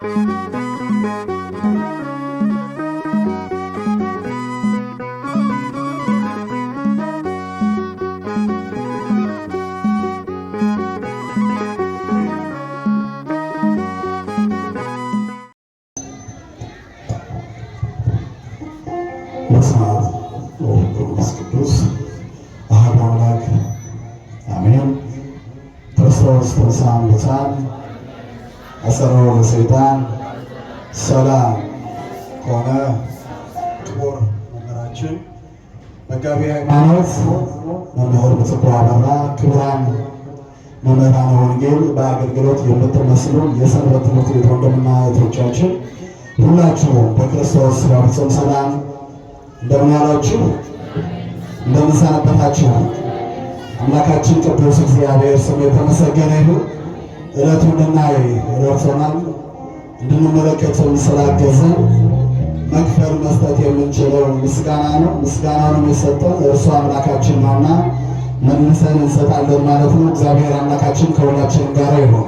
ቅዱስ አሐዱ አምላክ አሜን። ክርስቶስ ተንሥአ እሙታን አሰራሩ ለሰይጣን ሰላም ሆነ። ክቡር መምህራችን መጋቢ ሃይማኖት መምህር ምጽዋ አበራ፣ ክቡራን መምህራነ ወንጌል በአገልግሎት የምትመስሉ የሰንበት ትምህርት ቤት ወንድምና እህቶቻችን ሁላችሁም በክርስቶስ ፍጹም ሰላም እንደምን ዋላችሁ? እንደምን ሰነበታችሁ? አምላካችን ቅዱስ እግዚአብሔር ስም የተመሰገነ ይሁን። እለቱ ድናዊ ረድቶናል። እንድንመለከተው ስላገዘ መክፈል መስጠት የምንችለው ምስጋና ነው። ምስጋናውን የሰጠን እርሱ አምላካችን ነውና መልሰን እንሰጣለን ማለት ነው። እግዚአብሔር አምላካችን ከሁላችን ጋር ይሆን።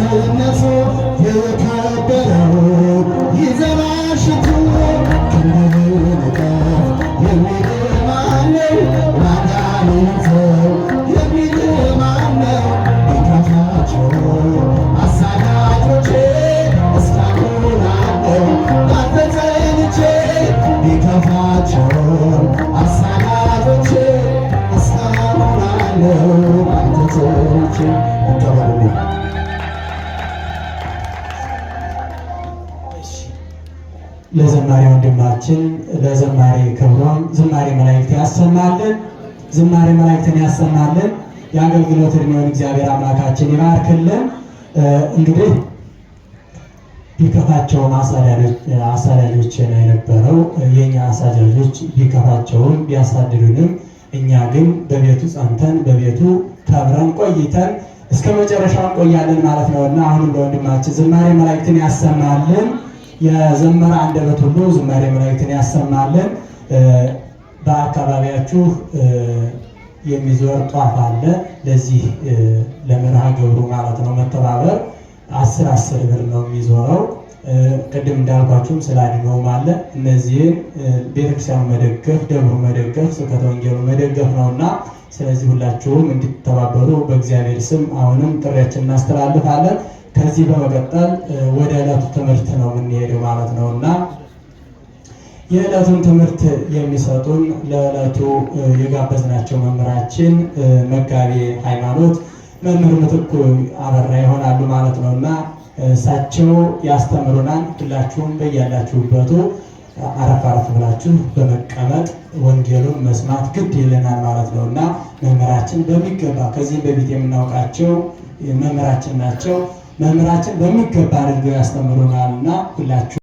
No. ለዘማሪ ወንድማችን ለዘማሪ ክብሮም ዝማሬ መላእክት ያሰማልን፣ ዝማሬ መላእክትን ያሰማልን። የአገልግሎት እድሜውን እግዚአብሔር አምላካችን ይባርክልን። እንግዲህ ቢከፋቸውም አሳዳጆች የነበረው የእኛ አሳዳጆች ቢከፋቸውም ቢያሳድዱንም እኛ ግን በቤቱ ጸንተን በቤቱ ከብረን ቆይተን እስከ መጨረሻው እንቆያለን ማለት ነውና አሁንም ለወንድማችን ዝማሬ መላእክትን ያሰማልን። የዘመረ አንደበት ሁሉ ዝማሬ መላእክትን ያሰማልን። በአካባቢያችሁ የሚዞር ጧፍ አለ። ለዚህ ለመርሃ ግብሩ ማለት ነው መተባበር አስር አስር ብር ነው የሚዞረው። ቅድም እንዳልኳችሁም ስለ አለ። እነዚህን ቤተክርስቲያኑ መደገፍ፣ ደብሩ መደገፍ፣ ስብከተ ወንጌሉ መደገፍ ነው እና ስለዚህ ሁላችሁም እንድትተባበሩ በእግዚአብሔር ስም አሁንም ጥሪያችን እናስተላልፋለን። ከዚህ በመቀጠል ወደ ዕለቱ ትምህርት ነው የምንሄደው ማለት ነው እና የዕለቱን ትምህርት የሚሰጡን ለዕለቱ የጋበዝናቸው መምህራችን መጋቤ ሃይማኖት መምህር ምትኩ አበራ ይሆናሉ ማለት ነው እና እሳቸው ያስተምሩናል። ሁላችሁም በያላችሁበቱ አረፍ አረፍ ብላችሁ በመቀመጥ ወንጌሉን መስማት ግድ ይለናል ማለት ነው እና መምህራችን በሚገባ ከዚህም በፊት የምናውቃቸው መምህራችን ናቸው። መምህራችን በሚገባ አድርገው ያስተምሩናል እና ሁላችሁ